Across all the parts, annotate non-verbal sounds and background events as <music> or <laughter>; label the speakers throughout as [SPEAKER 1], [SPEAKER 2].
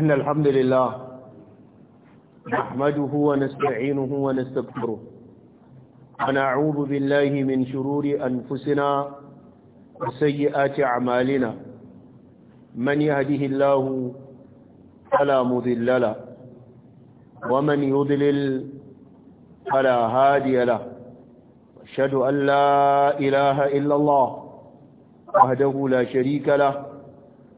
[SPEAKER 1] إن الحمد لله نحمده ونستعينه ونستغفره ونعوذ بالله من شرور أنفسنا وسيئات أعمالنا من يهده الله فلا مذل له ومن يضلل فلا هادي له أشهد أن لا إله إلا الله وحده لا شريك له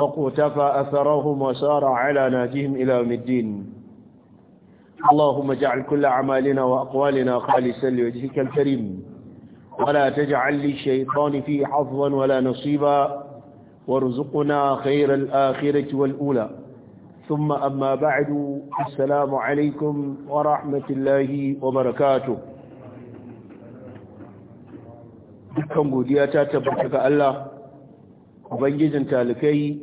[SPEAKER 1] وقتفى أثرهم وسار على ناجهم إلى يوم الدين اللهم اجعل كل أعمالنا وأقوالنا خالصا لوجهك الكريم ولا تجعل للشيطان فيه حظا ولا نصيبا وارزقنا خير الآخرة والأولى ثم أما بعد السلام عليكم ورحمة الله وبركاته dukkan godiya ta tabbata ga Allah ubangijin talikai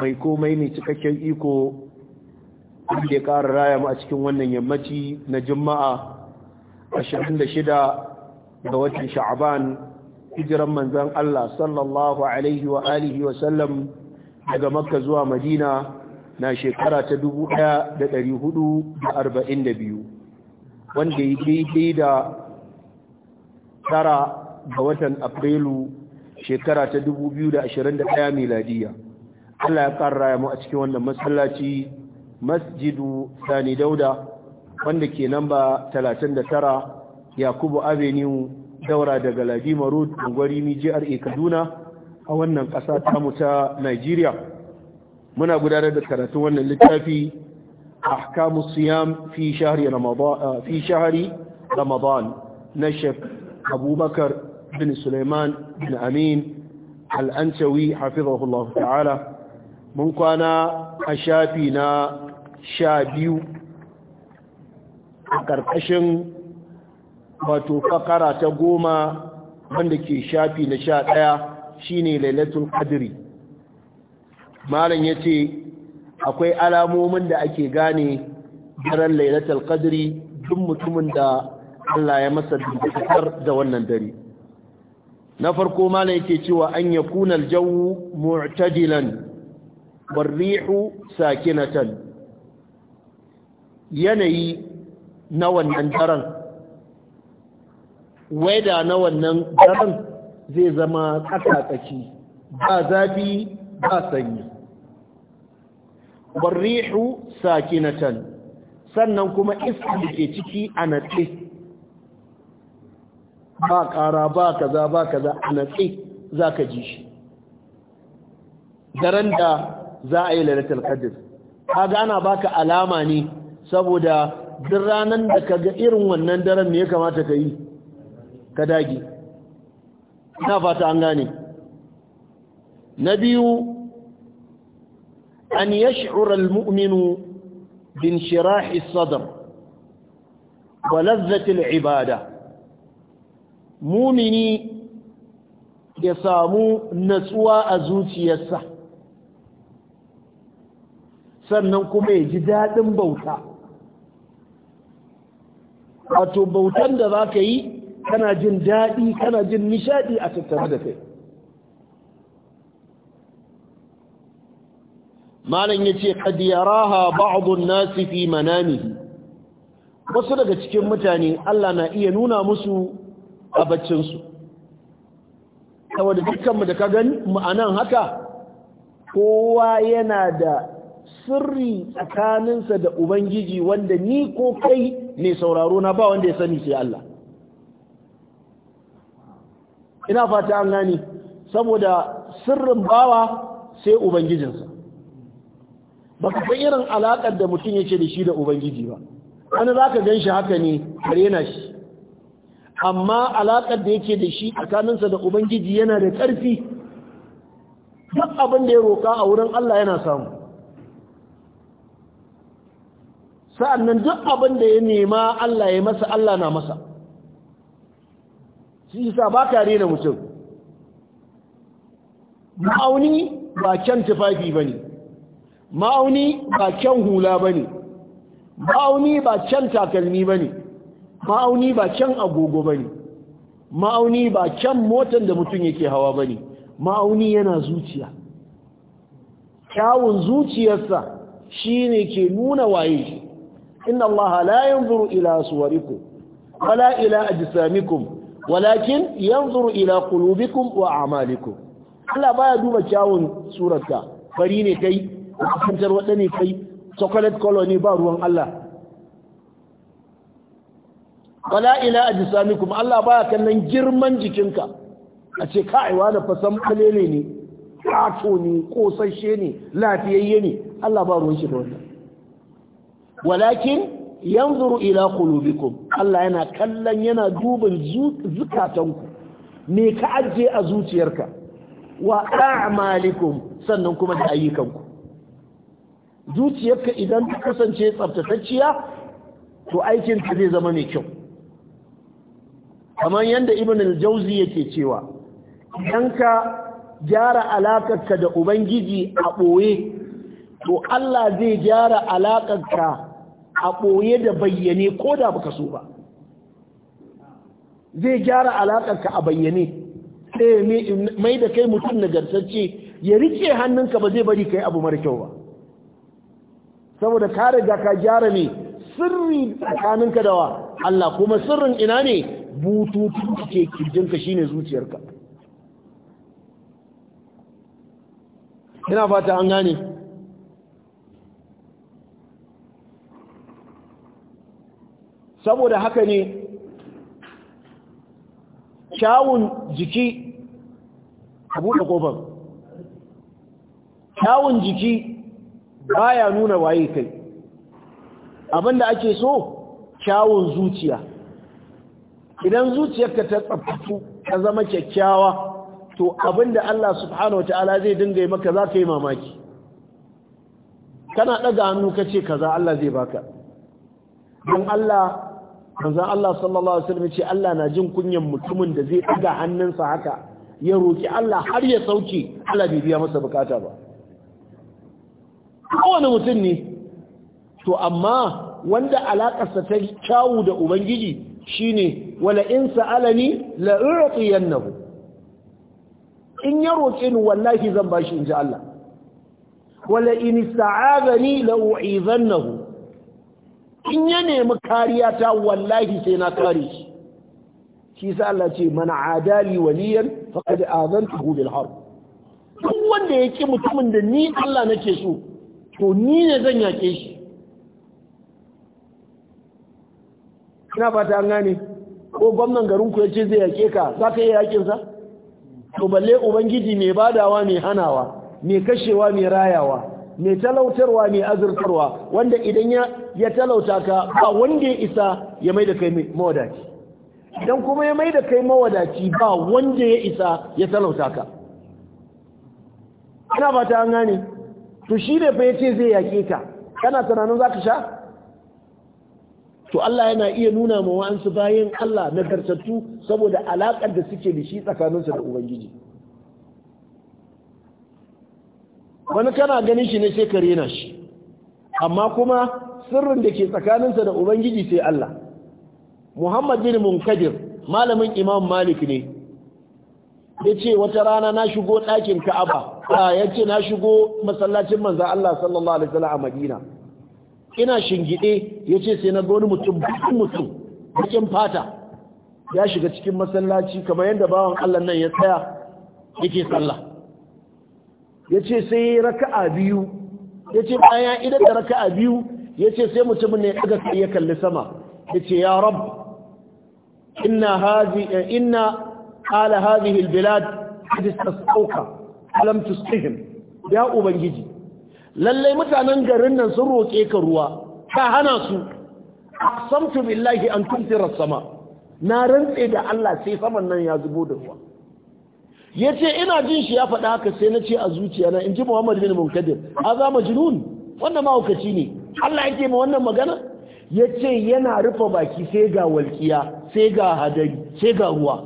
[SPEAKER 1] mai komai mai cikakken iko wanda ya ƙara raya mu a cikin wannan yammaci na juma'a 26 ga watan sha'aban hijiran manzan Allah sallallahu alaihi wa alihi wa sallam daga makka zuwa madina na shekara ta 1442 wanda ya daidai da tara ga watan afrilu shekara ta 2021 miladiyya Allah ya ƙara mu a cikin wannan masallaci masjidu sani dauda wanda ke namba 39 yakubu avenue daura daga ladima road angwarimi jra kaduna a wannan ƙasa tamu ta nigeria muna gudanar da karatun wannan littafi ahkamu siyam fi shahri ramadan fi shahri ramadan na shek abubakar bin suleiman bin amin al-ansawi hafizahullahu ta'ala mun kwana a shafi na sha biyu a ƙarƙashin wato fakara ta goma wanda ke shafi na sha ɗaya shi shine lailatul qadri malam ce, akwai alamomin da ake gane daren lailatul qadri duk mutumin da Allah ya masa dukkan da wannan dare na farko malam yake cewa an yakuna aljawu mu'tajilan barrihu sakinatan yanayi na wannan daren weda na wannan daren zai zama tsakatsaki ba zafi ba sanyi warrihu sakinatan sannan kuma iska da ke ciki a natse ba ƙara ba kaza ba kaza a natse za ka ji shi daren da za a yi lailatul qadr kaga ana baka alama ne saboda duk ranan da kaga irin wannan daren ne ya kamata ka yi ka dage Na fata an gane na biyu an yi al-mu'minu bin shirahi sadr wa ladzati ibada mumini ya samu natsuwa a zuciyarsa sannan kuma ya ji daɗin bauta wato bautan da za ka yi kana jin daɗi kana jin nishaɗi a tattare da kai malam ya ce kad yaraha ba'dun nasi fi ne. wasu daga cikin mutane Allah na iya nuna musu a baccinsu saboda dukkanmu da ka gani ma'anan haka kowa yana da sirri tsakaninsa da ubangiji wanda ni ko kai ne sauraro na ba wanda ya sani sai Allah ina fata an gani saboda sirrin bawa sai ubangijinsa ba ka irin alaƙar da mutum yake da shi da ubangiji ba wani za ka gan shi haka ne karena shi amma alaƙar da yake da shi tsakaninsa da ubangiji yana da ƙarfi duk abin da ya roƙa a wurin Allah yana samu sa'annan duk abin da ya nema Allah ya masa Allah na masa shi isa ba ka rena mutum ma'auni ba kyan tufafi ba ne ma'auni ba kyan hula ba ne ma'auni ba kyan takalmi ba ne ma'auni ba kyan agogo ba ne ma'auni ba kyan motan da mutum yake hawa ba ne ma'auni yana zuciya kyawun zuciyarsa shi ne ke nuna waye shi inna Allah la yanzuru ila suwarikum wala ila ajsamikum walakin yanzuru ila qulubikum wa a'malikum Allah baya duba kyawun surarka fari ne kai kantar wada ne kai chocolate color ne ba ruwan Allah wala ila ajsamikum Allah baya kallon girman jikinka a ce kai wani fasan falele ne kato ne kosashe ne lafiyayye ne Allah ba ruwan shi da walakin yanzuru ila qulubikum Allah yana kallon yana duban zukatanku me ka ajje a zuciyarka wa a'malikum sannan kuma da ayyukanku zuciyarka idan ta kasance tsaftatacciya to aikin ta zai zama mai kyau kamar yadda ibn al-jauzi yake cewa idan ka gyara alakarka da ubangiji a ɓoye to Allah zai gyara ka. a ɓoye da bayyane ko da baka so ba zai gyara alaƙarka a bayyane sai eh, mai da kai mutum nagartacce ya rike hannunka ba zai bari kai abu mara kyau ba saboda kare riga ka gyara ne sirri tsakaninka da wa Allah kuma sirrin ina ne bututun da ke kirjinka shine zuciyarka ina fata an gane saboda haka ne kyawun jiki a buɗe ƙofar kyawun jiki baya nuna waye kai abinda ake so kyawun zuciya idan zuciyarka ta tsaftu ta zama kyakkyawa to abinda Allah subhanahu wataala zai dinga yi maka za ka yi mamaki kana ɗaga hannu ka ce kaza Allah zai baka don Allah manzan Allah sallallahu alaihi wasallam ce Allah na jin kunyan mutumin da zai daga hannunsa haka ya roki Allah har ya sauke Allah bai biya masa bukata ba kowane mutum ne to amma wanda alaƙarsa ta kyawu da ubangiji shine wala in sa'alani la u'tiyannahu in ya roƙi ni wallahi zan bashi ji Allah wala in ista'azani la in ya nemi kariya ta wallahi sai na kare shi shi sa Allah ce mana adali waliyan faqad azantuhu bil harb duk wanda yake mutumin da ni Allah nake so to ni ne zan yake shi ina fata an gane ko gwamnan garin ku yace zai yake ka zaka yi yakin sa to balle ubangiji mai badawa mai hanawa mai kashewa mai rayawa mai talautarwa mai azurtarwa wanda idan ya talauta ka ba wanda ya isa ya mai da kai mawadaci idan kuma ya mai da kai mawadaci ba wanda ya isa ya talauta ka ina ba ta an gane to shi ne fa yace zai yake ka kana tunanin za ka sha to Allah yana iya nuna ma wa'ansu bayan Allah na nagartattu saboda alaƙar da suke da shi tsakaninsu da Ubangiji. wani kana ganin shi ne sai ka rena shi amma kuma sirrin da ke tsakaninsa da ubangiji sai Allah Muhammad bin Munkadir malamin Imam Malik ne yace wata rana na shigo ɗakin Ka'aba ya ce na shigo masallacin manza Allah sallallahu alaihi wasallam a Madina ina shingide ya ce sai na ga wani mutum bakin mutum bakin fata ya shiga cikin masallaci kamar yadda bawan Allah nan ya tsaya yake sallah ya ce sai raka'a biyu ya ce bayan idan da raka'a biyu ya ce sai mutumin ne daga kai ya kalli sama ya ce ya rab inna hazi eh, ala hadhihi albilad qad lam tusqihim ya ubangiji lallai mutanen garin nan sun roke ka ruwa ka hana su aqsamtu billahi an tumtira sama na rantse da Allah sai saman nan ya zubo da ruwa ya ce ina jin shi ya faɗa haka sai na ce a zuciya na in ji muhammadu bin munkadir a za jinun wannan mahaukaci ne allah yake ma wannan magana ya ce yana rufe baki sai ga walƙiya sai ga hadari sai ga ruwa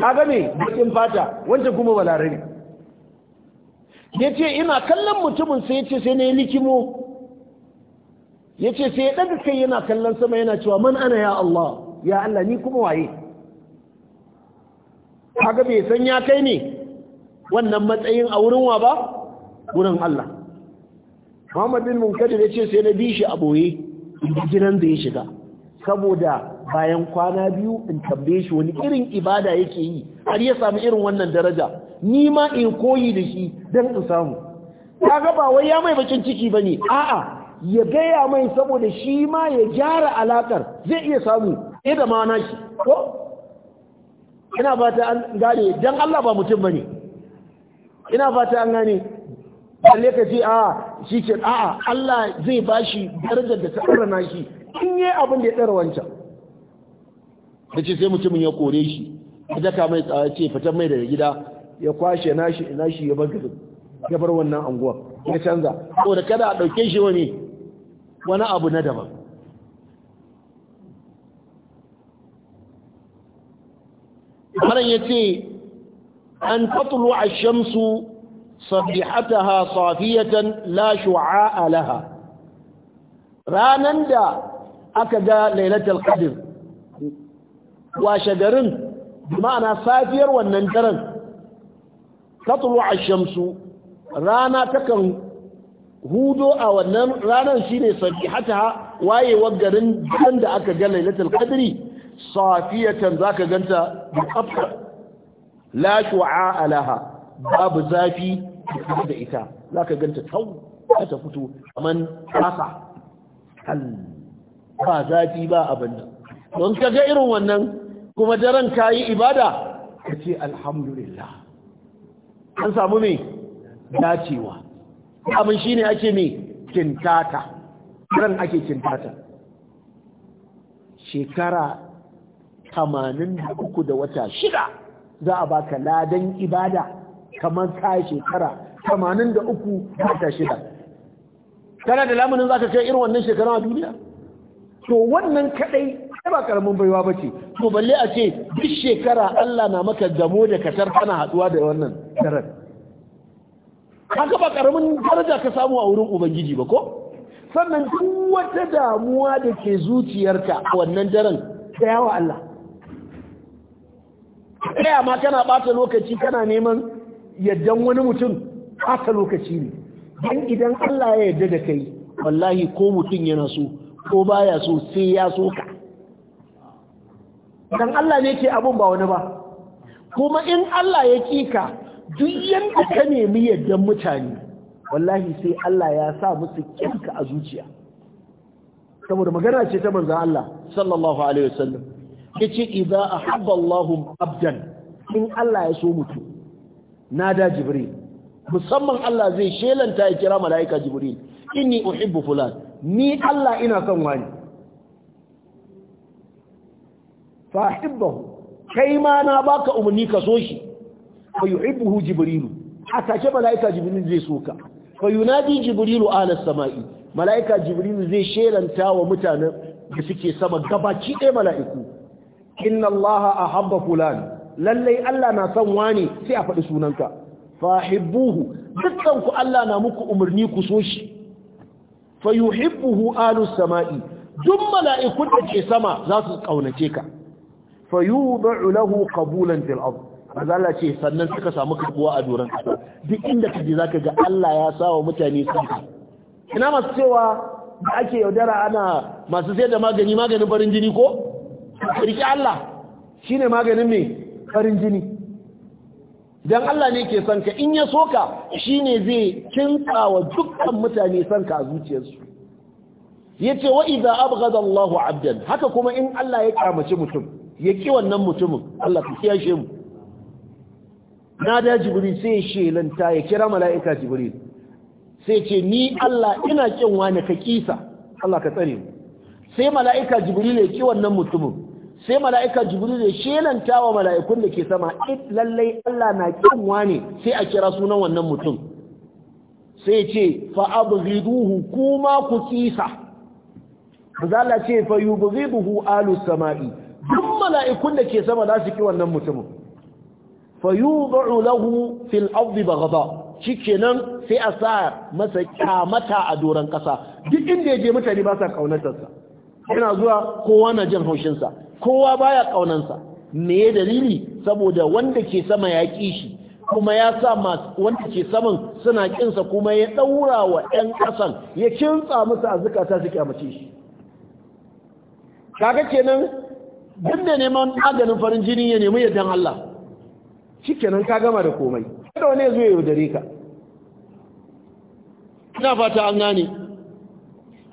[SPEAKER 1] kaga me bakin fata wancan kuma Lare ne ya ce ina kallon mutumin sai ya ce sai na yi likimo ya ce sai ya ɗaga kai yana kallon sama yana cewa man ana ya Allah ya Allah ni kuma waye haka bai san ya kai ne wannan matsayin a wurin wa ba wurin Allah Muhammadin ya ce sai na bi shi a boye gidan da ya shiga saboda bayan kwana biyu in tambaye shi wani irin ibada yake yi har ya samu irin wannan daraja ni ma in koyi da shi don in samu ga ba wai ya mai bakin ciki ba ne. a'a ya gaya mai saboda shi ma ya gyara alakar zai iya samu da ma na shi ko ina fata an gane dan Allah ba mutum bane ina fata an gane balle ka ce a ah, shi ke a'a Allah zai bashi darajar da ta arana shi in yi abin da ya tsara wancan da sai mutumin ya kore shi ya daka mai tsawa ce fitar mai daga gida ya kwashe nashi nashi ya bar gidan ya bar wannan anguwa ya canza saboda kada a ɗauke shi wani wani abu na daban malam yace an tatlu ash-shamsu sabihataha safiyatan la shu'a'a laha ranan da aka ga lailatul qadr washe garin ma'ana safiyar wannan daren tatlu ash-shamsu rana takan hudo a wannan ranar shine sabihataha wayewar garin da aka ga lailatul qadri safiyatan zaka ganta da tsafta la shu'a alaha babu zafi da ita zaka ganta tau ta fito kaman kasa ba zafi ba abin nan don ga irin wannan kuma daren yi ibada kace alhamdulillah an samu me dacewa abin shine ake me kintata ran ake kintata shekara tamanin da uku da wata shida za a baka ladan ibada kamar ka shekara tamanin da uku da wata shida kana da lamunin za ka kai irin wannan shekara a duniya to wannan kadai ba karamin baiwa ba ce to balle a ce duk shekara Allah na maka gamo da katar kana haduwa da wannan daren haka ba karamin daraja ka samu a wurin ubangiji ba ko sannan duk wata damuwa da ke zuciyarka a wannan daren yawa Allah tsaya ma kana bata lokaci kana neman yaddan wani mutum bata lokaci ne don idan Allah ya yadda da kai wallahi ko mutum yana so ko baya so sai ya so ka dan Allah ne ke abun ba wani ba kuma in Allah ya ka duk yadda ka nemi yaddan mutane wallahi sai Allah ya sa musu kinka a zuciya saboda magana ce ta manzon Allah sallallahu alaihi wasallam yace idza ahabba Allahu abdan in Allah ya so mutu na da jibril musamman Allah zai shelanta ya kira malaika jibril inni uhibbu fulan ni Allah ina son wani fa ahibbahu kai ma na baka umarni ka so shi fa yuhibbuhu jibril haka ce malaika jibril zai so ka fa yunadi jibril ala samai malaika jibril zai shelanta wa mutanen da suke sama gabaki ɗaya mala'iku inna allaha ahabba fulan lallai Allah na son wani sai a faɗi sunanka fahibbuhu dukkan ku Allah na muku umarni ku so shi fayuhibbuhu alus sama'i duk mala'ikun da ke sama za su kaunace ka fayudu lahu qabulan fil ard Allah ce sannan suka samu kabuwa a doron kasa duk inda kaje zaka ga Allah ya sawa mutane sanka ina masu cewa da ake yaudara ana masu sai da magani maganin barin jini ko riki Allah shine maganin mai farin jini don Allah ne ke son ka in ya so ka shine zai kinsa wa dukkan mutane son ka a zuciyarsu ce, wa idza abghada Allah 'abdan haka kuma in Allah ya kamace mutum ya ki wannan mutumin Allah ka kiyashe mu na da jibril sai ya shelanta ya kira mala'ika jibril sai ce ni Allah ina kin wani ka kisa Allah ka tsare mu sai mala'ika jibril ya ki wannan mutumin sai mala'ika jibril ya shelanta wa mala'ikun da ke sama it lallai Allah na kinwa ne sai a kira sunan wannan mutum sai ce fa abghiduhu kuma ku tsisa zalla ce fa yubghiduhu alu sama'i duk mala'ikun da ke sama za su ki wannan mutumin fa yud'u lahu fil ardi baghda shikenan sai a sa masa kyamata a doron kasa duk inda ya je mutane ba sa kaunatarsa yana zuwa kowa na jin haushinsa kowa baya kaunansa me ya dalili saboda wanda ke sama ya ki shi kuma ya sa wanda ke saman suna kinsa kuma ya ɗaura wa 'yan ƙasan ya kintsa musu a zukata su kyamace shi kaga kenan duk da neman maganin farin jini ya nemi yardan Allah shi kenan ka gama da komai kada wani zuwa yaudare ka ina fata an gane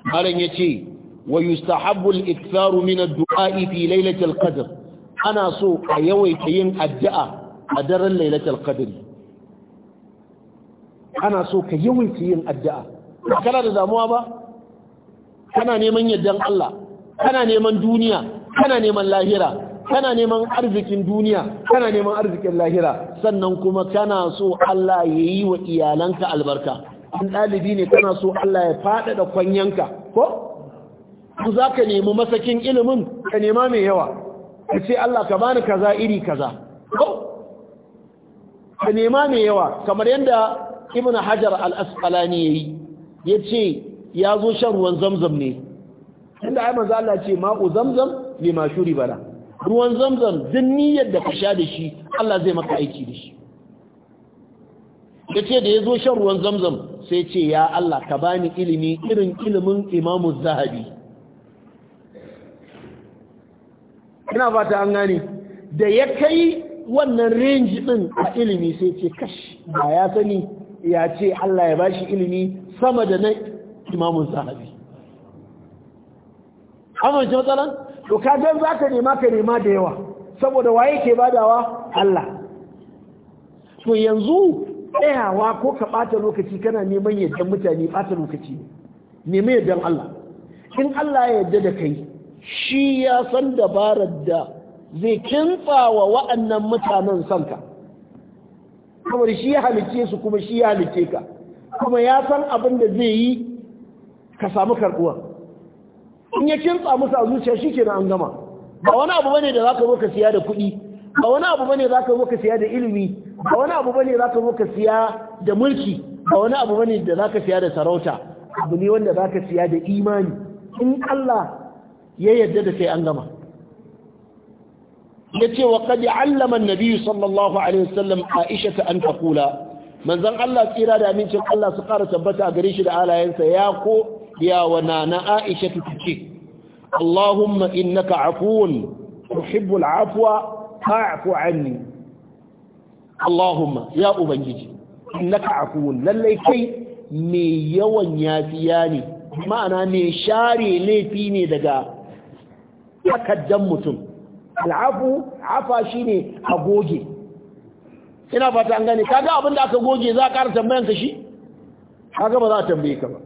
[SPEAKER 1] malam ya ce ويستحب الإكثار من الدعاء في ليلة القدر أنا سوء أيوي كيين الدعاء أدر ليلة القدر أنا سوء كيوي كيين الدعاء كلا رداموا با كنا نيمن يدن الله كنا نيمن دنيا كنا نيمن لاهرة kana neman arzikin duniya kana neman arzikin lahira sannan kuma kana so Allah ya yi wa iyalanka albarka in ɗalibi ne kana so Allah ya faɗaɗa kwanyanka ko ku za ka nemi masakin ilimin ka nema mai yawa ka ce Allah ka bani kaza iri kaza ka nema mai yawa kamar yadda ibn hajar al-asqalani yayi yace ya zo shan ruwan zamzam ne inda ai manzo Allah ce ma'u zamzam ma shuri bala ruwan zamzam din niyyar da ka sha da shi Allah zai maka aiki da shi yace da ya zo shan ruwan zamzam sai ce ya Allah ka bani ilimi irin ilimin imamu zahabi ina fata an gane da ya kai wannan range din a ilimi sai ce kash ba ya sani ya ce Allah ya bashi ilimi sama da na imamun zahabi amince matsalan to ka za nema ka nema da yawa saboda waye ke badawa Allah to yanzu tsayawa ko ka bata lokaci kana neman yadda mutane bata lokaci neman yadda Allah in Allah ya yadda da kai shi ya san dabarar da zai kintsa wa wa'annan mutanen sanka kamar shi ya halice su kuma shi ya halice ka kuma ya san abin da zai yi ka samu karbuwa in ya kintsa musu a zuciya shi na an gama ba wani abu bane da ka zo ka siya da kuɗi ba wani abu bane zaka zo ka siya da ilimi ba wani abu bane zaka zo ka siya da mulki ba wani abu bane da za ka siya da sarauta abu ne wanda za ka siya da imani in Allah ya yadda da sai an gama ya ce wa kadi allaman nabi sallallahu alaihi wasallam aisha ta an taqula manzon Allah tsira da amincin Allah su ƙara tabbata a gare shi da alayensa ya ko ya wa nana aisha ta ce Allahumma innaka afuwun tuhibbul afwa fa'fu anni Allahumma ya ubangiji innaka afuwun lallai kai me yawan yafiya ne ma'ana ne share laifi ne daga takaddan mutum al'afu afa shine a goge ina fata an gane kaga da aka goge za ka ƙara tambayanka ka shi kaga ba za a tambaye ka ba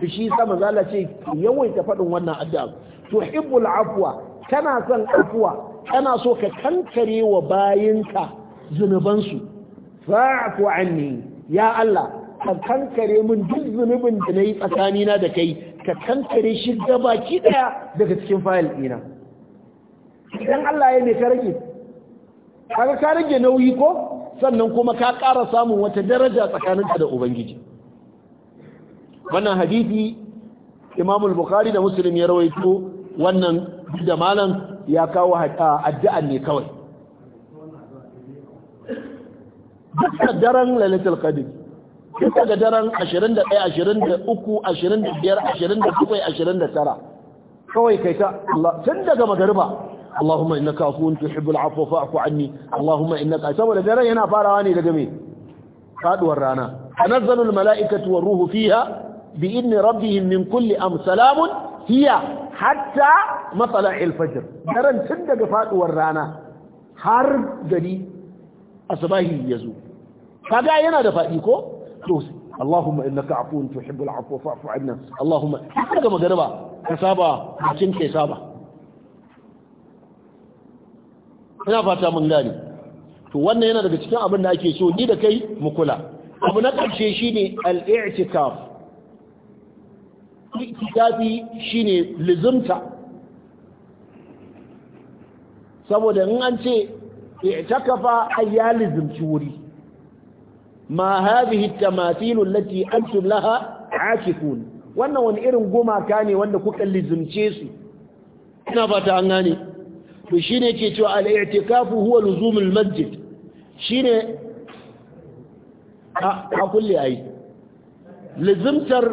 [SPEAKER 1] to shi sa manzo ce yawai yawaita faɗin wannan addu'a hibbul afwa kana son afwa kana so ka kankare wa bayinka zunubansu fa'fu anni ya Allah ka kankare min duk zunubin da nayi tsakanina da kai ka kankare shi baki daya daga cikin fayil ɗina idan Allah ya mai ka rage kaga ka rage nauyi ko sannan kuma ka ƙara samun wata daraja tsakaninka da ubangiji wannan hadisi Imam al-Bukhari da Muslim ya rawaito wannan da malam ya kawo addu'a ne kawai dukkan daren lailatul qadr tun daga daren 21 23 25 27 29 kawai kai ta tun daga magariba اللهم انك عفو تحب العفو فاعف عني اللهم انك saboda daren yana farawa ne daga me faduwar rana tanazzalu almalaikatu waruhu fiha bi'inni rabbihim min kulli am salamun hiya hatta matla'i alfajr daren tun daga faduwar rana har gari asbahi yazo kaga yana da fadi ko close Allahumma innaka afuwun tuhibbul afwa fa'fu anna Allahumma ka saba kai saba ina fata mun gane to wannan yana daga cikin abin da ake so ni da kai mu kula abu na karshe shine al-i'tikaf i'tikafi shine lizumta saboda in an ce i'takafa ay ya lizimci wuri ma hadhihi tamathil allati antum laha aakifun wannan wani irin gumaka ne wanda kuka lizumce su ina fata an gane to shine ke cewa al-i'tikafu huwa luzumul masjid shine a kulle ai lizumtar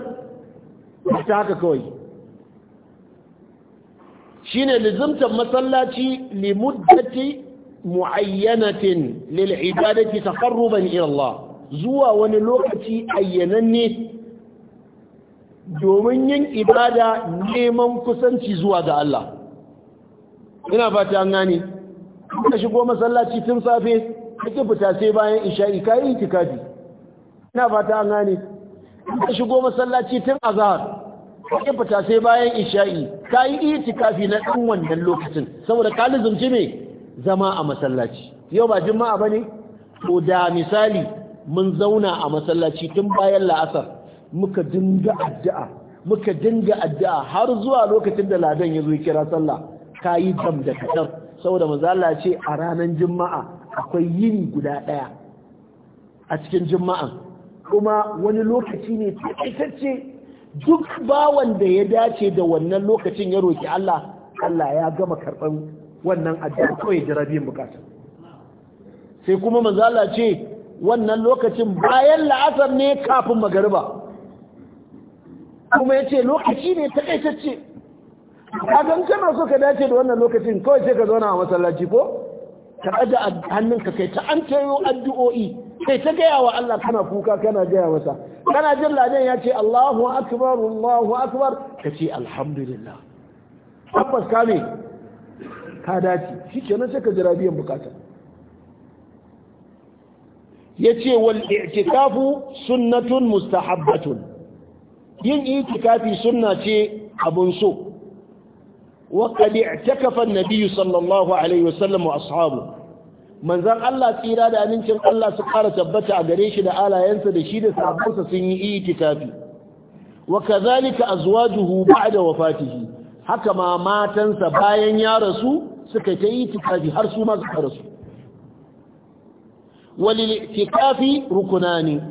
[SPEAKER 1] ta haka kawai shine lizumtar masallaci limuddati muayyanatin lil ibadati taqarruban ila Allah zuwa wani lokaci ayyananne domin yin ibada neman kusanci zuwa ga Allah ina fata an gane ka shigo masallaci tun safe kake fita sai bayan isha'i kai itikafi ina fata an gane ka shigo masallaci tun azhar kake fita sai bayan isha'i kai itikafi na dan wannan lokacin saboda ka lizumci me zama a masallaci yau ba juma'a bane to da misali mun zauna a masallaci tun bayan la'asar muka dinga addu'a muka dinga addu'a har zuwa lokacin da ladan ya zo kira sallah kayi dam da kadar saboda manzo Allah ce a ranar juma'a akwai yini guda daya a cikin juma'a kuma wani lokaci ne taitacce duk bawon da ya dace da wannan lokacin ya roki Allah Allah ya gama karban wannan addu'a kawai jira biyan bukata sai kuma manzo Allah ce wannan lokacin bayan la'asar ne kafin magariba kuma ya ce lokaci ne takaitacce kagan kana so ka dace da wannan lokacin kawai sai ka zauna a masallaci ko ka aje hannunka kai ta an tayo addu'o'i kai ta gaya wa Allah kana kuka kana gaya masa kana jin ladan ya ce Allahu akbar Allahu akbar ka ce alhamdulillah tabbas ka ne ka dace shikenan sai ka jira biyan bukata ce wal i'tikafu sunnatun mustahabbatun yin i'tikafi sunna ce abun so wa qad i'takafa an sallallahu alaihi wasallam wa ashabu manzon Allah tsira da amincin Allah su fara tabbata a gare shi da alayensa da shi da sahabbansa sun yi i'tikafi wa kadhalika azwajuhu ba'da wafatihi haka ma matansa bayan ya rasu suka ta yi har su ma suka rasu walil rukuna rukunani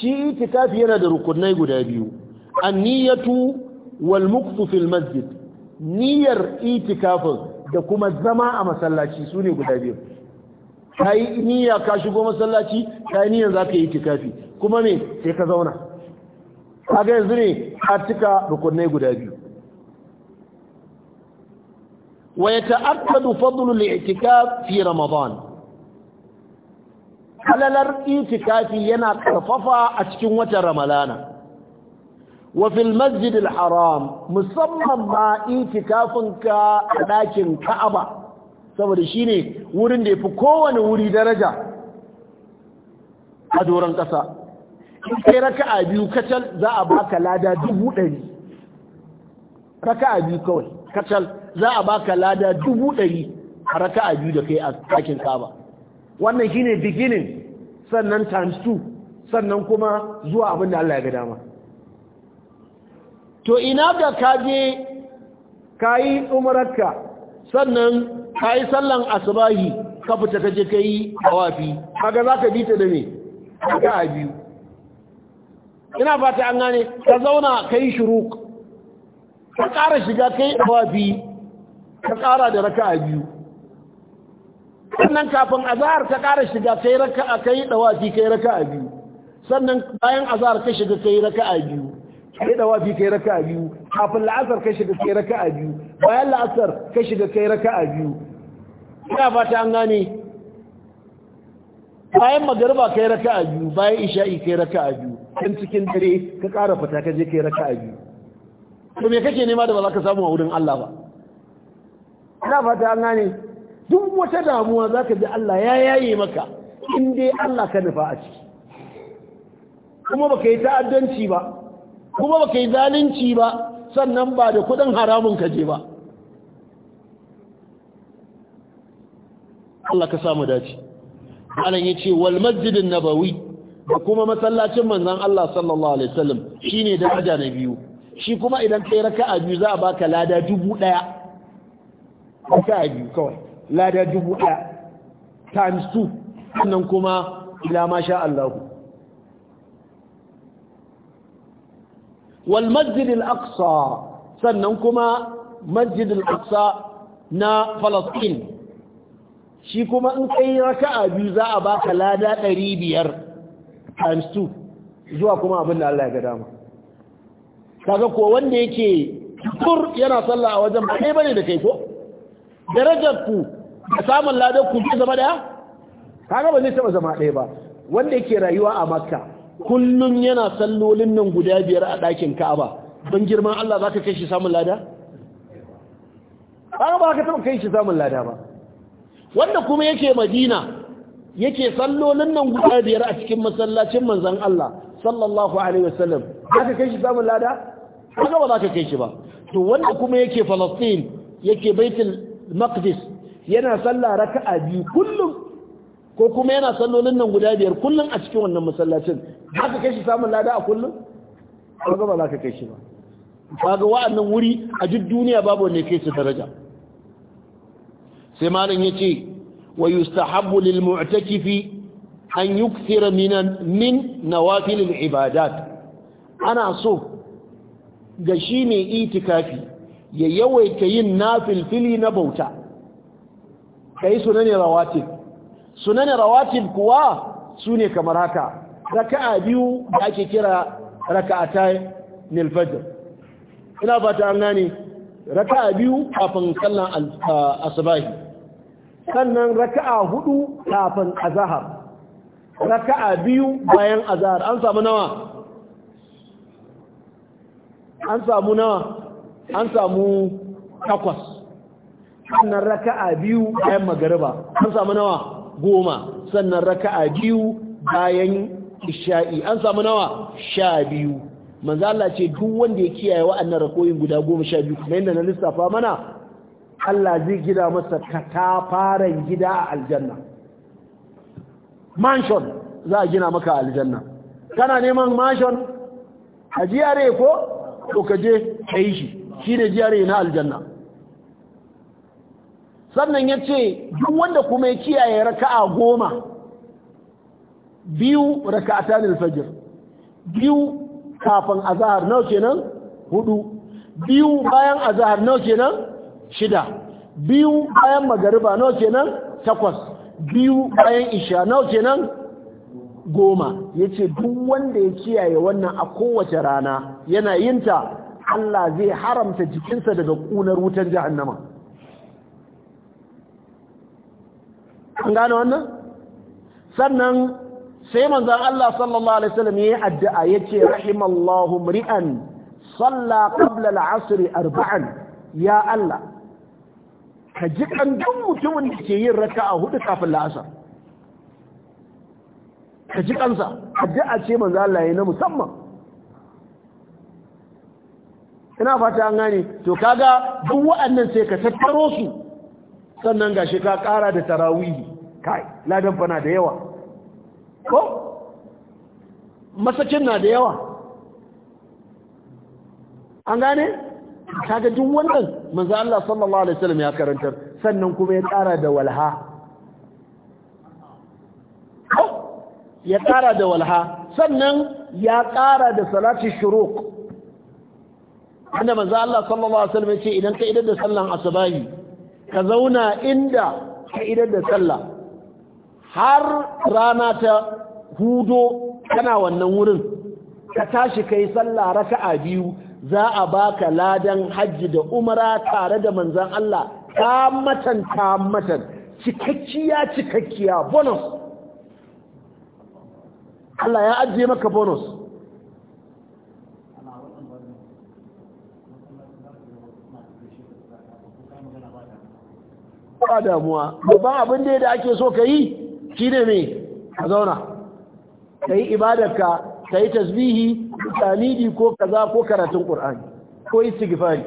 [SPEAKER 1] shi itikafi yana da rukunai guda biyu anniyatu wal muqtu fil masjid niyyar itikafin da kuma zama a masallaci sune guda biyu kai niyya ka shigo masallaci kai niyyar zaka yi itikafi kuma me sai ka zauna kaga yanzu ne a cika rukunai guda biyu wa yata'akkadu fadlu al fi ramadan halalar itikafi yana karfafa a cikin watan ramalana wa fil masjid al haram musamman ma itikafin ka a dakin ka'aba saboda shine wurin da yafi kowane wuri daraja a doron kasa in kai raka'a biyu kacal za a baka lada dubu ɗari raka'a biyu kawai kacal za a baka lada dubu ɗari a raka'a biyu da kai a dakin ka'aba wannan shine beginning sannan times 2 sannan kuma zuwa abin da Allah ya ga dama to ina da kaje kayi umararka sannan kayi sallan asbahi ka fita kaje kai tawafi kaga zaka bi ta da me kaga biyu ina fata an gane ka zauna kai shuruk ka ƙara shiga kai tawafi ka kara da raka a biyu sannan kafin azahar ka ƙara shiga kai raka'a kai ɗawafi kai a biyu sannan bayan azahar ka shiga kai a biyu kai ɗawafi kai a biyu kafin la'asar ka shiga kai a biyu bayan la'asar ka shiga kai a biyu ina fata an gane bayan magariba kai a biyu bayan isha'i kai a biyu kan cikin dare ka ƙara fita ka je kai a biyu to me kake nema da ba za ka samu a wurin Allah ba ina fata an gane duk wata damuwa za ka ji Allah ya yaye maka in dai Allah ka nufa a ciki kuma baka yi ta'addanci ba kuma baka yi zalunci ba sannan ba da kudin haramun ka je ba Allah ka samu dace Allah ya ce wal masjidin nabawi da kuma masallacin manzon Allah sallallahu alaihi wasallam shine aja na biyu shi kuma idan kai raka'a biyu za a baka lada dubu daya raka'a biyu kawai lada dubu ɗaya times two sannan kuma ila ma sha Allahu wal masjid al-aqsa sannan kuma masjid al-aqsa na Falastin shi kuma in kai raka'a biyu za a baka lada 500 times 2 zuwa kuma abin da Allah ya ga dama kaga ko wanda yake tur yana sallah a wajen ba kai bane da kai ko darajar ku da samun ladar ku zama daya kaga ba zai taba zama daya ba wanda yake rayuwa a makka kullum yana sallolin nan guda biyar a ɗakin ka'aba don girman Allah za ka kai shi samun lada kaga ba ka taba kai shi samun lada ba wanda kuma yake madina yake sallolin nan guda biyar a cikin masallacin manzan Allah sallallahu alaihi wasallam ka kai shi samun lada kaga ba ka kai shi ba to wanda kuma yake Falastin yake baitul maqdis yana sallah raka'a biyu kullum ko kuma yana sallolin nan guda biyar kullum a cikin wannan masallacin haka kai shi samun lada a kullum kaga ba za ka kai shi ba kaga wa'annan wuri a duk duniya babu wanda kai shi daraja sai malam yace wa yustahabbu lil mu'takifi an yukthira min min nawafil ibadat ana so ga shi ne itikafi ya yawaita yin nafilfili na bauta Ka yi sunanin rawatib Sunanin rawatib kuwa ne kamar haka raka'a biyu da ake kira Raka'ata nil ina fata an gane raka'a biyu kafin sallan asbahi sannan raka'a hudu kafin Azahar. raka'a biyu bayan Azahar. an samu nawa an samu nawa an samu takwas sannan raka'a biyu bayan magariba an samu nawa goma sannan raka'a biyu bayan isha'i an samu nawa sha biyu manzo Allah ce duk wanda ya kiyaye wa'annan rakoyin guda goma sha biyu kuma inda na lissafa mana Allah zai gida masa katafaren gida a aljanna mansion za a gina maka aljanna kana neman mansion a jiyare ko to ka je yi shi Shi ne jiyar na aljanna sannan ya ce duk wanda kuma ya kiyaye raka'a goma biyu raka'ata da fajr biyu kafin azahar nawa kenan hudu biyu bayan azahar nawa kenan shida biyu bayan magariba nawa kenan takwas biyu bayan isha nawa kenan goma ya ce duk wanda ya kiyaye wannan a kowace rana yana yinta Allah zai haramta jikinsa daga kunar wutan jahannama an gane wannan sannan sai manzan Allah sallallahu alaihi wasallam yayi addu'a ce rahimallahu mri'an salla qabla al arba'an ya Allah ka ji kan mutumin da ke yin a hudu kafin la'asar ka ji kansa addu'a ce manzon Allah na musamman ina fata an gane to kaga duk wa'annan sai ka tattaro su sannan gashi ka kara da tarawihi kai ladan fa na da yawa ko masakin na da yawa an gane kaga duk wannan manzo Allah sallallahu alaihi wasallam ya karantar sannan kuma ya kara da walha ya kara da walha sannan ya kara da salati shuruq wanda manzo Allah sallallahu alaihi wasallam ce idan ka idar da sallan asubahi ka zauna inda ka idar da sallah har rana ta hudo kana wannan wurin ka tashi kai sallah raka'a biyu za a baka ladan hajji da umara tare da manzon Allah ta matan ta matan cikakkiya cikakkiya bonus Allah ya ajiye maka bonus ba damuwa babban abin da da ake so ka yi shi ne mai ka zauna ka yi ibadarka ka yi tasbihi tanidi ko kaza ko karatun ƙur'ani ko sigifari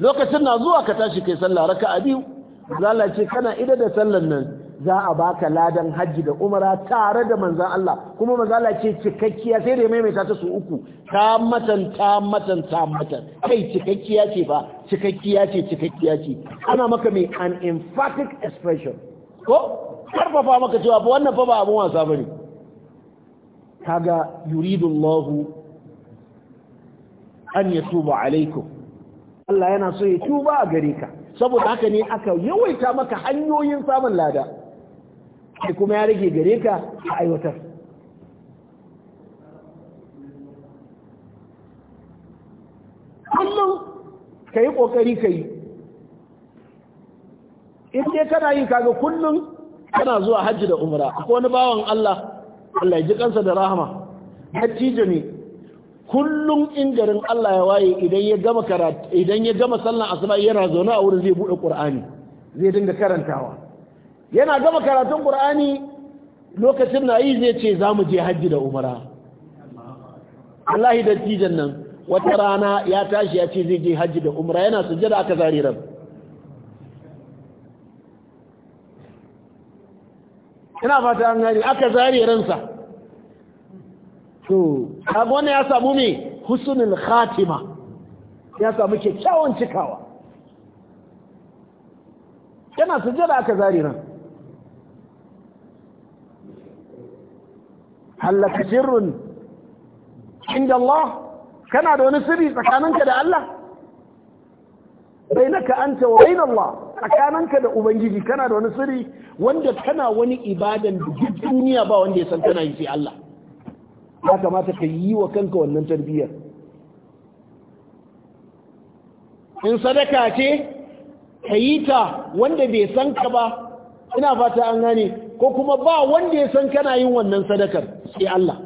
[SPEAKER 1] lokacin na zuwa ka tashi kai sallah raka a biyu zala kana ida da sallan nan za a baka ladan hajji da umara tare da manzan Allah kuma mazala ce cikakkiya sai da maimaita ta su uku ta matan ta matan ta matan kai cikakkiya ce ba cikakkiya ce cikakkiya ce ana maka mai an emphatic expression ko karfafa maka cewa ba wannan fa ba abun wasa bane kaga yuridullahu an tuba alaikum Allah yana so ya tuba a gare ka saboda haka ne aka yawaita maka hanyoyin samun lada sai kuma ya rage gare ka a aiwatar kullum ka yi ƙoƙari ka yi in dai kana yi kaga kullum kana zuwa hajji da umra akwai wani bawan Allah Allah ya ji kansa da rahama dattijo ne kullum in garin Allah ya waye idan ya gama karatu idan ya gama sallan asuba yana zaune a wurin zai bude Qur'ani zai dinga karantawa yana gama karatun qur'ani lokacin na yi zai ce za mu je hajji da umara wallahi dattijan nan wata rana ya tashi ya ce zai je hajji da umra yana da aka zari ran ina fata an gari aka zari ransa to kaga wannan ya samu ne husnul khatima ya samu kyakkyawan cikawa yana da aka zari ran hallaka sirrun inda Allah kana da wani sirri tsakaninka da Allah bainaka anta wa bain Allah tsakaninka da ubangiji kana da wani sirri wanda kana wani ibadan duk duniya ba wanda ya san kana yi sai Allah ya kamata ka yi wa kanka wannan tarbiyyar in sadaka ce ka yi ta wanda bai san ka ba ina fata an gane ko kuma ba wanda ya san kana yin wannan sadakar sai Allah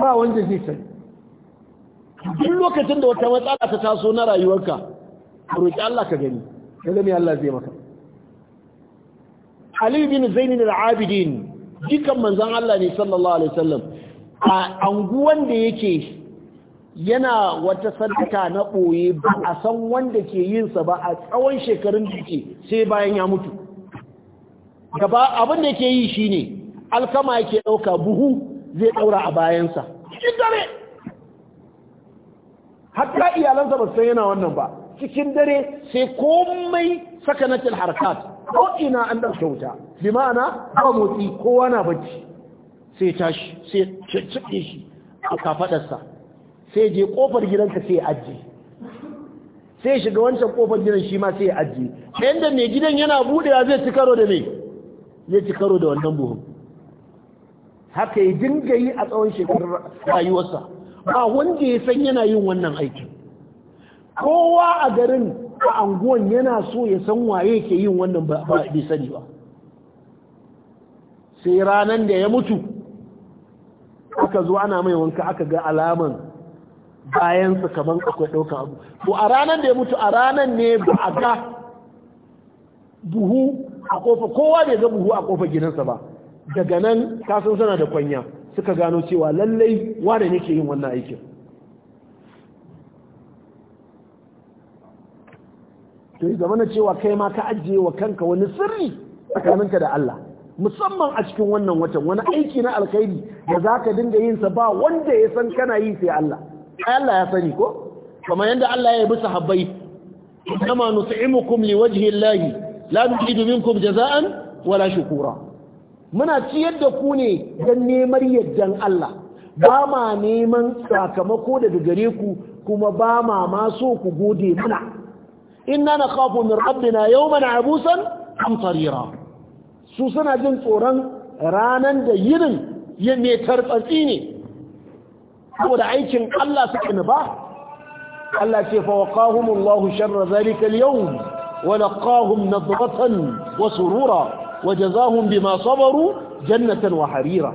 [SPEAKER 1] ba wanda zai san duk lokacin da wata matsala ta taso na rayuwarka ka roki Allah ka gani ka gani Allah zai maka Ali bin Zain al-Abidin dukan manzon Allah ne sallallahu alaihi wasallam a anguwan da yake yana wata sadaka na ɓoye ba a san wanda ke yinsa ba a tsawon shekarun da sai bayan ya mutu gaba abin da yake yi shine alkama yake ɗauka buhu zai ɗaura a bayansa cikin dare hatta iyalansa ba san yana wannan ba cikin dare sai komai sakanatul harakat ko ina an ɗauke wuta bi ma'ana ba motsi kowa na bacci sai tashi sai cicciɗe shi a kafaɗarsa sai je ƙofar gidanka sai ya ajiye sai shiga wancan ƙofar gidan shi ma sai ya ajiye yadda mai gidan yana budewa zai ci karo da mai ya ci karo da wannan buhu haka ya dinga yi a tsawon shekarar rayuwarsa ba wanda ya san yana yin wannan aikin kowa a garin a anguwan yana so ya san waye ke yin wannan ba bai sani ba sai ranan da ya mutu aka zo ana mai wanka aka ga alaman bayansa kamar akwai ɗauka abu to a ranar da ya mutu a ranar ne ba a ga buhu a kofa kowa bai ga buhu a kofar gidansa ba daga nan kasan sana da kwanya suka gano cewa lallai wane ne ke yin wannan aikin to yi zama cewa kai ma ka ajiye wa kanka wani sirri tsakaninka da Allah musamman a cikin wannan watan wani aiki na alkhairi da za ka dinga yin sa ba wanda ya san kana yi sai Allah ai Allah ya sani ko kamar yadda Allah ya yi bisa habbai kama nus'imukum liwajhi Allah la nuridu minkum jaza'an wala shukura muna ciyar da ku ne don neman yaddan Allah ba ma neman sakamako daga gare ku kuma ba ma ma so ku gode mana inna nakhafu min rabbina yawman abusan amtarira su suna jin tsoron ranan da yin ya mai tarfatsi ne saboda aikin Allah suke ba Allah ce fa waqahumullahu sharra zalika al-yawm ولقاهم نظرة وسرورا وجزاهم بما صبروا جنة وحريرا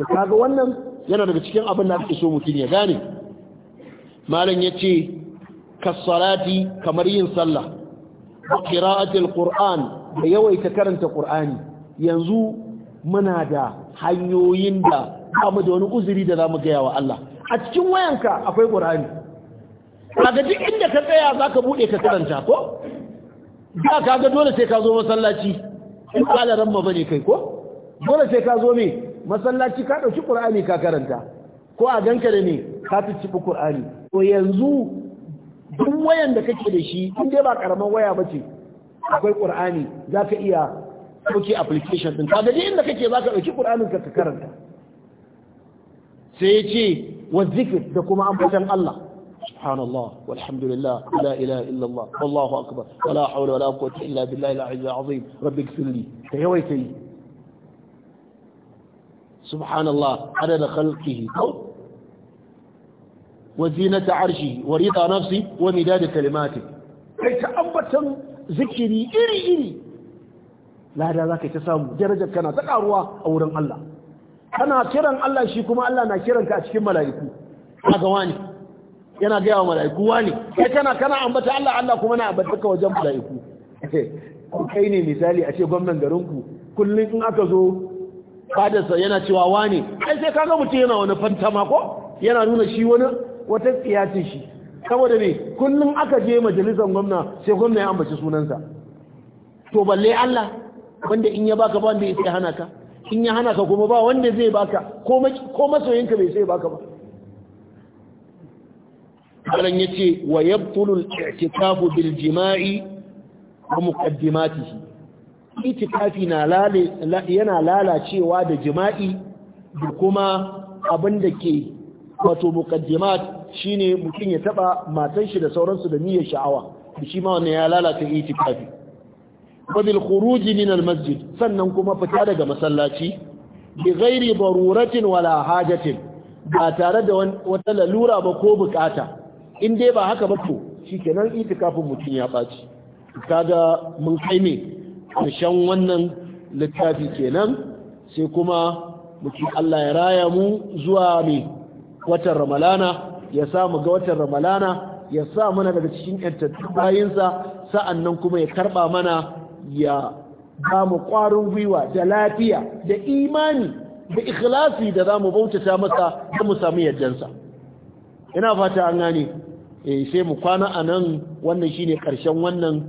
[SPEAKER 1] kaga wannan yana daga cikin abin da ake so mutum ya gane malam yace kasalati kamar yin sallah qira'atul qur'an da yawaita karanta qur'ani yanzu muna da hanyoyin da mu da wani uzuri da zamu ga yawa Allah a cikin wayanka akwai qur'ani kaga duk inda ka tsaya zaka bude ka karanta ko da ka ga dole sai ka zo masallaci in kala ramma bane kai ko dole sai ka zo me masallaci ka ɗauki qur'ani ka karanta ko a ganka da ne ka fice qur'ani to yanzu duk wayan da kake da shi in dai ba karaman waya bace akwai qur'ani zaka iya dauki application din kaga dai inda kake zaka dauki qur'anin ka ka karanta sai ya ce wa zikr da kuma ambatan Allah سبحان الله والحمد لله لا إله إلا الله والله أكبر ولا حول ولا قوة إلا بالله العلي العظيم رب اغفر لي كيويتي سبحان الله عدد خلقه وزينة عرشه ورضا نفسي ومداد كلماته كي تأبتا ذكري إري إري لا لا لا كي تسامو درجة كان تقاروا أورا الله kana kiran Allah shi kuma Allah na kiran ka a cikin mala'iku a gawa ne yana gaya wa mala'iku wani kai kana kana ambata Allah Allah kuma na ambata ka wajen mala'iku <laughs> kai ne misali a ce gwamnan garinku kullum in aka zo fadarsa yana cewa wani ai sai kaga mutum yana wani fantama ko yana nuna shi wani wata tsiyatin shi saboda ne kullum aka je majalisar gwamna sai gwamna ya ambaci sunansa to balle Allah wanda in ya baka ba wanda ya hana ka in ya hana ka kuma ba wanda zai baka ko masoyinka bai sai baka ba ya yace wa yabtulu al-i'tikafu bil jima'i wa muqaddimatihi itikafi yana lalacewa da jima'i da kuma abin da ke wato muqaddimat shine mutum ya taɓa matan shi da sauransu da niyyar sha'awa shi ma wannan ya lalata itikafi wa bil khuruj min al masjid sannan kuma fita daga masallaci bi ghairi daruratin wala hajatin ba tare da wata lalura ba ko bukata in dai ba haka ba to shikenan kafin mutum ya baci kaga mun kai me karshen wannan littafi kenan sai kuma mutum Allah ya raya mu zuwa mai. watan ramalana ya sa mu ga watan ramalana ya sa mana daga cikin yantattun bayinsa sa'annan kuma ya karba mana ya ba mu ƙwarin gwiwa da lafiya da imani da ikhlasi da za mu bautata masa da mu samu yardansa ina fata an gane Eh, sai mu kwana a nan wannan shine karshen wannan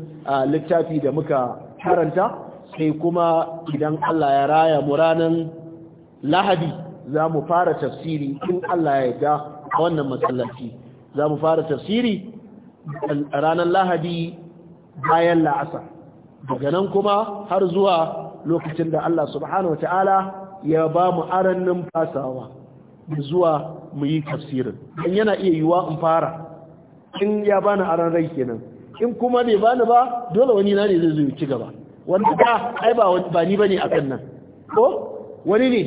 [SPEAKER 1] littafi da muka karanta sai kuma idan Allah ya raya mu ranan lahadi za mu fara tafsiri in Allah ya yarda wannan masallaci za mu fara tafsiri ranar lahadi bayan la'asa daga nan kuma har zuwa lokacin da Allah subhanahu ta'ala ya ba mu aran fasawa zuwa mu yi tafsirin Dan yana iya yiwuwa in fara in ya bani aran rai kenan in kuma bai bani ba dole wani na ne zai zo ci gaba wanda ta ai ba ba ni bane kan nan ko wani ne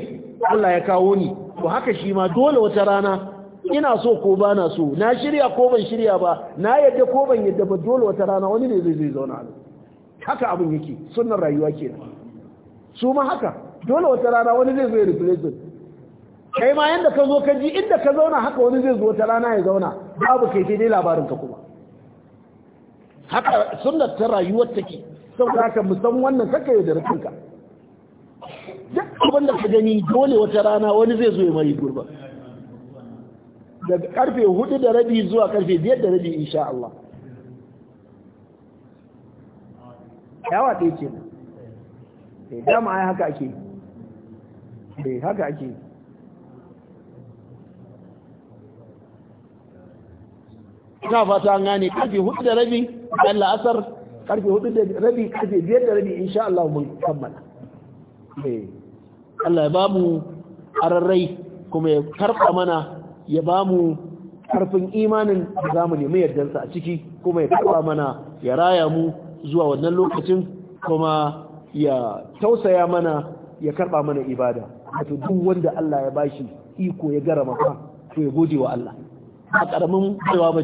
[SPEAKER 1] Allah ya kawo ni to haka shi ma dole wata rana ina so ko ba na so na shirya ko ban shirya ba na yadda ko ban yadda ba dole wata rana wani ne zai zai zauna a haka abin yake sunan rayuwa kenan su ma haka dole wata rana wani zai zai replace kai ma yanda ka zo ka ji inda ka zauna haka wani zai zo ta rana ya zauna babu kai dai labarin ka kuma haka sunnar ta rayuwar take saboda haka musan wannan saka ya da rikinka duk abinda ka gani dole wata rana wani zai zo ya mai gurba daga karfe hudu da rabi zuwa karfe biyar da rabi insha Allah yawa ɗaya ce eh, dama ai haka ake eh, haka ake ina fata an gane karfe hudu da rabi Allah la'asar karfe hudu da rabi karfe biyar da rabi insha Allah mun kammala eh, Allah ya bamu mu ararrai kuma ya karba mana ya bamu mu karfin imanin da za mu nemi a ciki kuma ya karɓa mana ya raya mu zuwa wannan lokacin kuma ya tausaya mana ya karɓa mana ibada wato duk wanda Allah ya bashi iko ya gara mafa to ya gode wa Allah ba karamin baiwa ba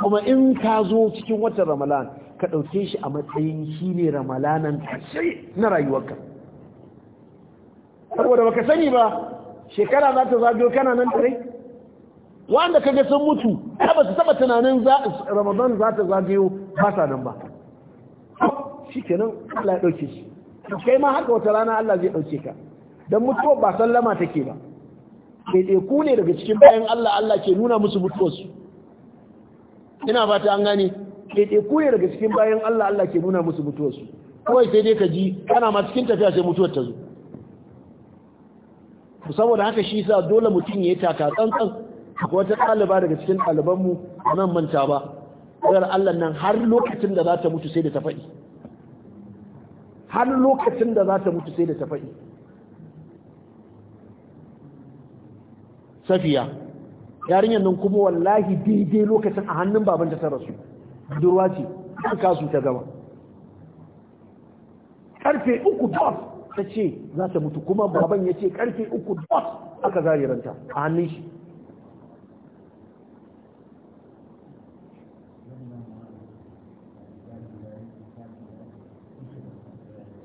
[SPEAKER 1] kuma in ka zo cikin watan ramalan ka ɗauke shi a matsayin shi ne ramalanan tashe na rayuwarka saboda baka sani ba shekara za ta zagayo kana nan tare wanda kaga sun mutu ta ba su taba tunanin ramadan za ta zagayo ba sa nan ba shi kenan Allah ya ɗauke shi kai ma haka wata rana Allah zai ɗauke ka don mutuwa ba sallama take ba daidai ku ne daga cikin bayan Allah Allah ke nuna musu mutuwarsu ina fata ta an gane ɗaiɗai koya daga cikin bayan Allah Allah ke nuna musu mutuwarsu kawai sai dai ka ji kana ma cikin tafiya sai mutuwar ta zo saboda haka shi sa dole mutum ya yi taka tsantsan wata ɗaliba daga cikin ɗalibanmu a nan manta ba ɗayar Allah nan har lokacin da za ta mutu sai da ta faɗi har lokacin da za ta mutu sai da ta faɗi safiya yarinyar nan kuma wallahi daidai lokacin a hannun babanta ta rasu budurwa ce ta kasu ta gama karfe uku dot ta ce za ta mutu kuma baban ya ce karfe uku dot aka zariranta a hannun shi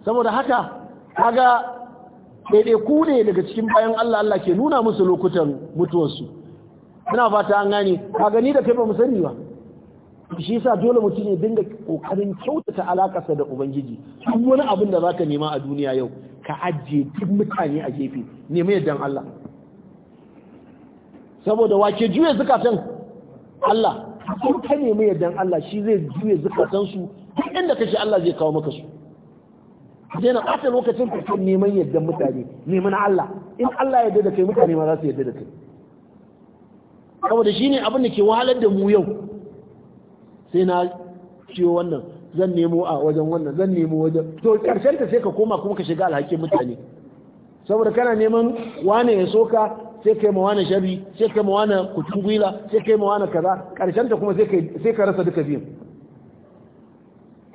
[SPEAKER 1] saboda haka kaga daidai ku ne daga cikin bayan Allah Allah ke nuna musu lokutan mutuwarsu ina fata an gane kaga ni da kai ba mu sani ba shi yasa dole mutum ya dinga kokarin kyautata alakarsa da ubangiji duk wani abin da zaka nema a duniya yau ka ajiye duk mutane a gefe Nema yaddan Allah saboda wace juye zukatan Allah in ka nemi yaddan Allah shi zai juye zukatan su duk inda kace Allah zai kawo maka su daina ɓata lokacin ka neman yaddan mutane neman Allah in Allah ya yarda da kai mutane ma za su yarda da kai saboda ne abin da ke wahalar da mu yau sai na ciwo wannan zan nemo a wajen wannan zan nemo wajen to karshen ta sai ka koma kuma ka shiga alhakin mutane saboda kana neman wane ya soka sai kai mawa na shari sai kai ma wane gwila sai kai mawa na kaza karshen ta kuma sai ka rasa duka biyun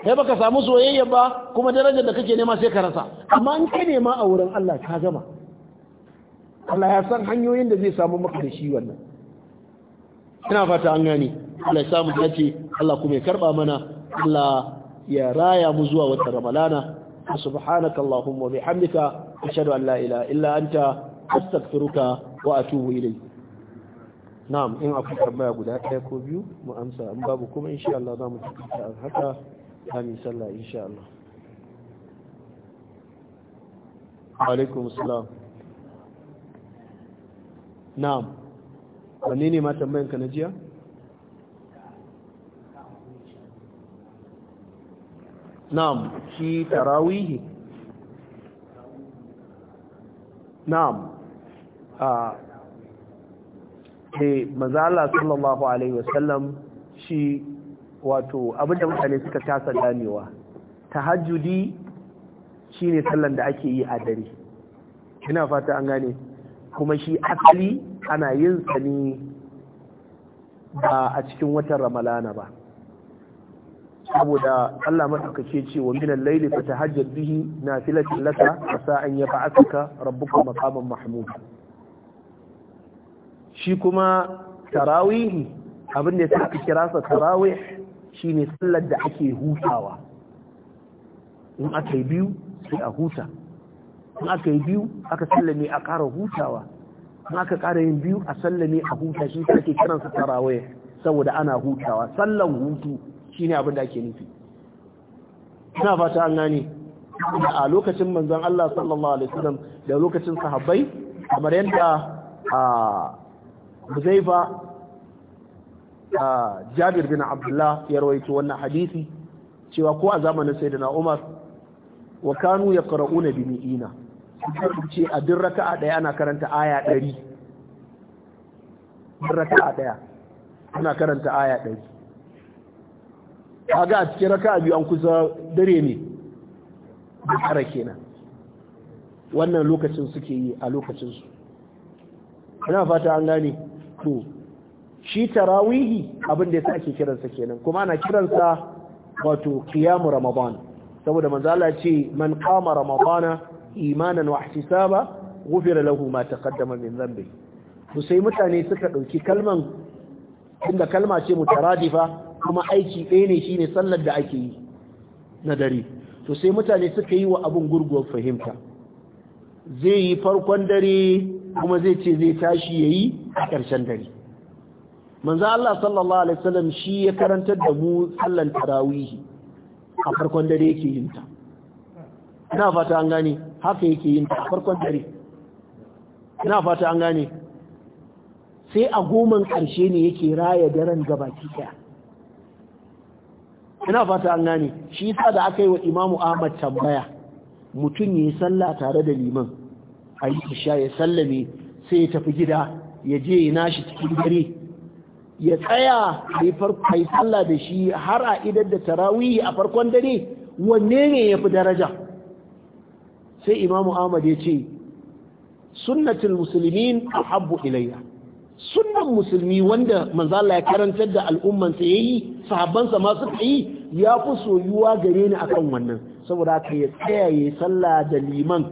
[SPEAKER 1] sai baka samu soyayya ba kuma darajar da kake nema sai ka rasa amma an kai nema a wurin Allah ka gama Allah ya san hanyoyin da zai samu maka da shi wannan ina fata an gani Allah ya samu dace Allah kuma ya karba mana Allah ya raya mu zuwa wata ramalana subhanaka allahumma wa bihamdika ashhadu an la ilaha illa anta astaghfiruka wa atubu ilayk na'am in akwai tambaya guda ɗaya ko biyu mu amsa in babu kuma insha Allah za mu tafi haka amin sallah insha Allah alaikum salam na'am wanne ne ma tambayanka na jiya na'am shi tarawihi na'am a ah, ke eh, mazala sallallahu alaihi wasallam shi wato abinda mutane suka tasa ganewa tahajjudi ne sallan da ake yi a dare ina fata an gane kuma shi asali ana yin sani ba a cikin watan ramalana ba saboda Allah maɗaukake ce wa minan laili fa hajjar bihi nafilatin laka asa an yab'athaka rabbukan makaman mahmud shi kuma tarawih abin da yasa kira sa tarawih ne sallar da ake hutawa in aka yi biyu sai a huta in aka yi biyu aka sallame a ƙara hutawa haka ƙara yin biyu a sallame a huta shi ake kiransa tarawih saboda ana hutawa sallan hutu shine abin da ake nufi ina fata an gane a lokacin manzon Allah sallallahu alaihi wasallam da lokacin sahabbai kamar yadda a Huzaifa Jabir bin Abdullah ya rawaito wannan hadisi cewa ko a zamanin Sayyidina Umar wa kanu yaqra'una bi ina ce a duk raka'a daya ana karanta aya ɗari duk raka'a daya ana karanta aya ɗari kaga a cikin raka'a biyu an kusa dare ne da tsara kenan wannan lokacin suke yi a lokacinsu ina fata an gane to shi tarawihi abin da ya ake kiransa kenan kuma ana kiransa wato qiyamu ramadan saboda manzo Allah ce man qama ramadana imanan wa ihtisaba ghufira lahu ma taqaddama min dhanbi to sai mutane suka dauki kalman inda kalma ce mutaradifa kuma aiki ɗaya ne shine sallar da ake yi na dare to sai mutane suka yi wa abun gurguwar fahimta zai yi farkon dare kuma zai ce zai tashi yayi a ƙarshen dare manzo Allah sallallahu alaihi wasallam shi ya karantar da mu sallar tarawihi a farkon dare yake yin ta ina fata an gane haka yake yin farkon dare ina fata an gane sai a goman karshe ne yake raya daren gabaki kika ina fata an gane shi yasa da aka yi wa imamu ahmad tambaya mutum ya yi sallah tare da liman a isha ya sallame sai ya tafi gida ya je ya nashi cikin dare ya tsaya a yi sallah da shi har a idar da tarawih a farkon dare wanne ne ya fi daraja sai imamu ahmad ya ce sunnatul musulmin ahabbu ilayya sunnan musulmi wanda manzala ya karantar da al'ummansa ya yi sahabbansa masu yi ya fi soyuwa gare ni akan wannan saboda haka ya tsaya ya sallah da liman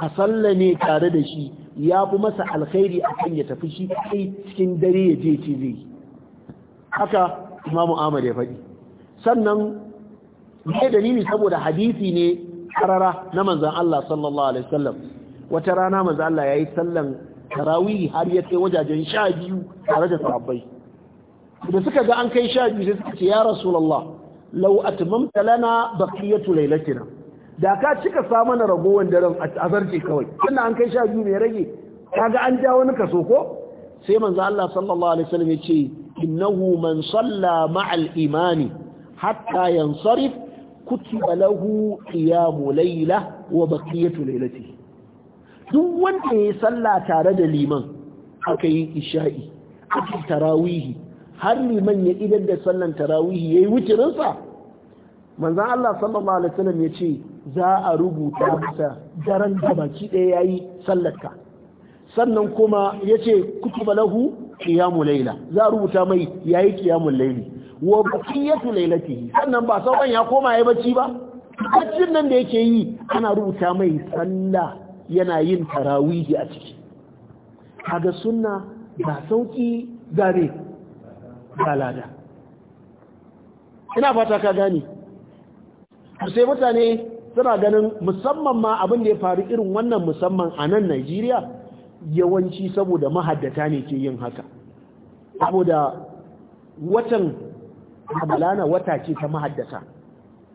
[SPEAKER 1] a sallah ne tare da shi ya fi masa alkhairi akan ya tafi shi kai cikin dare ya je ce zai haka imamu ahmad ya faɗi sannan ne dalili saboda hadisi ne karara na manzan Allah sallallahu alaihi wasallam wata rana manzan Allah yayi sallan karawi har ya kai wajajen biyu tare da sahabbai da suka ga an kai biyu sai suka ce ya rasulallah law atmamta lana baqiyatu laylatina da ka cika sa mana ragowar daren azarce kawai tunda an kai biyu ne rage kaga an ja wani kaso ko sai manzan Allah sallallahu alaihi wasallam ya ce innahu man salla ma'al imani hatta yansarif kutiba lahu qiyamu layla wa baqiyatu laylati duk wanda ya sallah tare da liman aka yi isha'i aka tarawihi har liman ya idar da sallan tarawihi yayi wucirinsa manzon Allah sallallahu alaihi wasallam yace za a rubuta masa daren da baki daya yayi sallarka sannan kuma yace kutiba lahu qiyamu layla za a rubuta mai yayi qiyamul layli wa baqiyatu lailatihi sannan ba sauran ya koma ya bacci ba baccin nan da yake yi ana rubuta mai sallah yana yin tarawihi a ciki kaga sunna ba sauki gare ba ina fata ka gane sai mutane suna ganin musamman ma abin da ya faru irin wannan musamman a nan Najeriya yawanci saboda mahaddata ne ke yin haka saboda watan hamalana wata ce ta mahaddata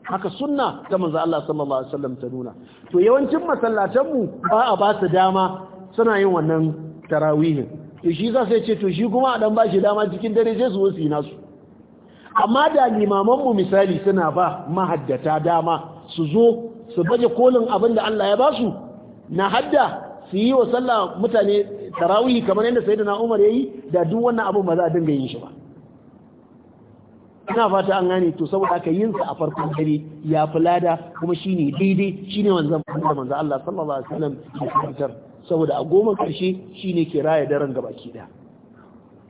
[SPEAKER 1] haka sunna ta manzo Allah sallallahu alaihi wasallam ta nuna to yawancin masallatan mu ba a ba su dama suna yin wannan tarawihin to shi za sai ce to shi kuma a dan ba shi dama cikin dare sai su wasi nasu amma da limaman mu misali suna ba mahaddata dama su zo su baje kolin abin da Allah ya ba su na hadda su yi wa sallah mutane tarawih kamar yadda sayyidina Umar yayi da duk wannan abin ba za a dinga yin shi ba ina fata an gane to saboda aka yin sa a farkon dare ya fulada kuma shine daidai shine wanzan da manzo Allah sallallahu alaihi wasallam ya fitar saboda a goma karshe shine ke raya daren gabaki da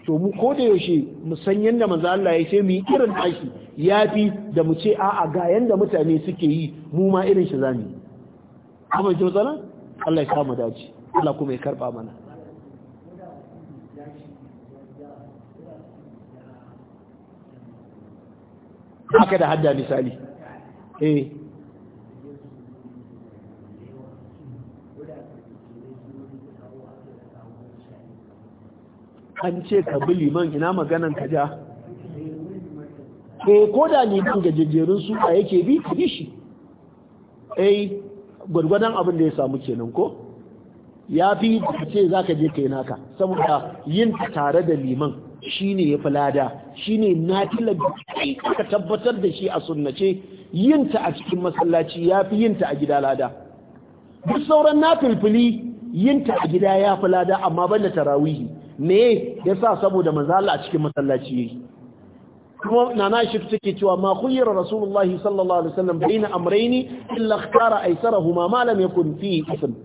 [SPEAKER 1] to mu ko da yaushe mu san yanda manzo Allah ya ce mu yi irin tashi yafi da mu ce a'a ga yanda mutane suke yi mu ma irin shi zamu yi amma ji matsala Allah ya kama dace Allah kuma ya karba mana haka da hadda misali eh an ce ka bi liman ina maganan ka ja eh ko da liman gajejjerun su a yake bi ka bi shi eh gwargwadon abin da ya samu kenan ko ya fi ce za ka je kai naka saboda yin tare da liman shine ya fi lada shine na da aka tabbatar da shi a sunnace yin ta a cikin masallaci ya fi yin ta a gida lada duk sauran nafilfili yin ta a gida ya fi lada amma banda tarawihi me yasa saboda manzala a cikin masallaci yayi kuma nana shi take cewa ma khayyara rasulullahi sallallahu alaihi wasallam baina amrayni illa ikhtara aysarahuma ma lam yakun fi ism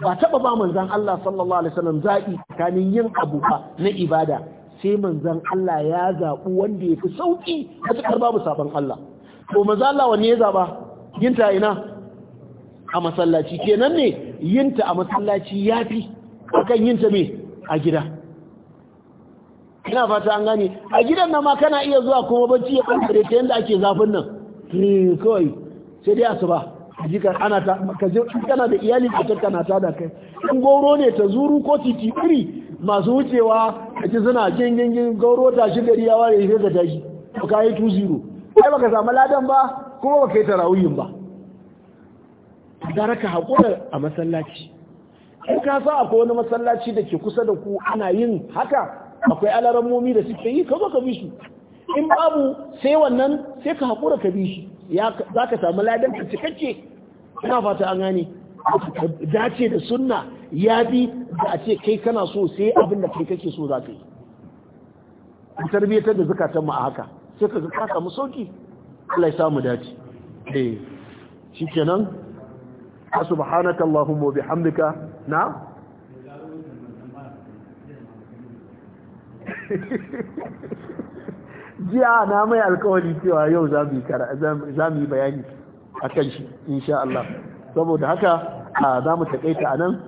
[SPEAKER 1] ba taba ba manzon Allah sallallahu alaihi wasallam zaki tsakanin yin abu ba na ibada sai manzan Allah ya zaɓi wanda ya fi sauƙi a cikin babu sabon Allah to manzan Allah wani ya zaɓa yinta ina a masallaci kenan ne yinta a masallaci ya fi akan yinta me a gida ina fata an gane a gidan nan ma kana iya zuwa kuma bacci ya kare ta yadda ake zafin nan eh, kawai sai dai asuba jika ana ta kana da iyali ka tattana ta da kai in goro ne ta zuru ko titi iri masu wucewa a ci suna gingingin gauro tashi gari ya ware sai ka tashi to ka yi 2-0 ai baka samu ladan ba kuma baka yi tarawiyin ba Da raka haƙura a masallaci in ka sa akwai wani masallaci da ke kusa da ku ana yin haka akwai alaramomi da suke yi ka zo ka bi shi. in babu sai wannan sai ka haƙura ka bi shi za ka samu ladan ka cikakke ina fata an gane dace da sunna ya fi da a ce kai kana so sai abin da kai kake so za ka yi ku tarbiyyatar da zukatan a haka sai ka zuka samu sauki Allah ya samu dace eh shikenan subhanaka allahumma wa bihamdika na <laughs> jiya na mai alkawari cewa yau za mu yi bayani a kan shi insha Allah saboda haka za mu taƙaita a nan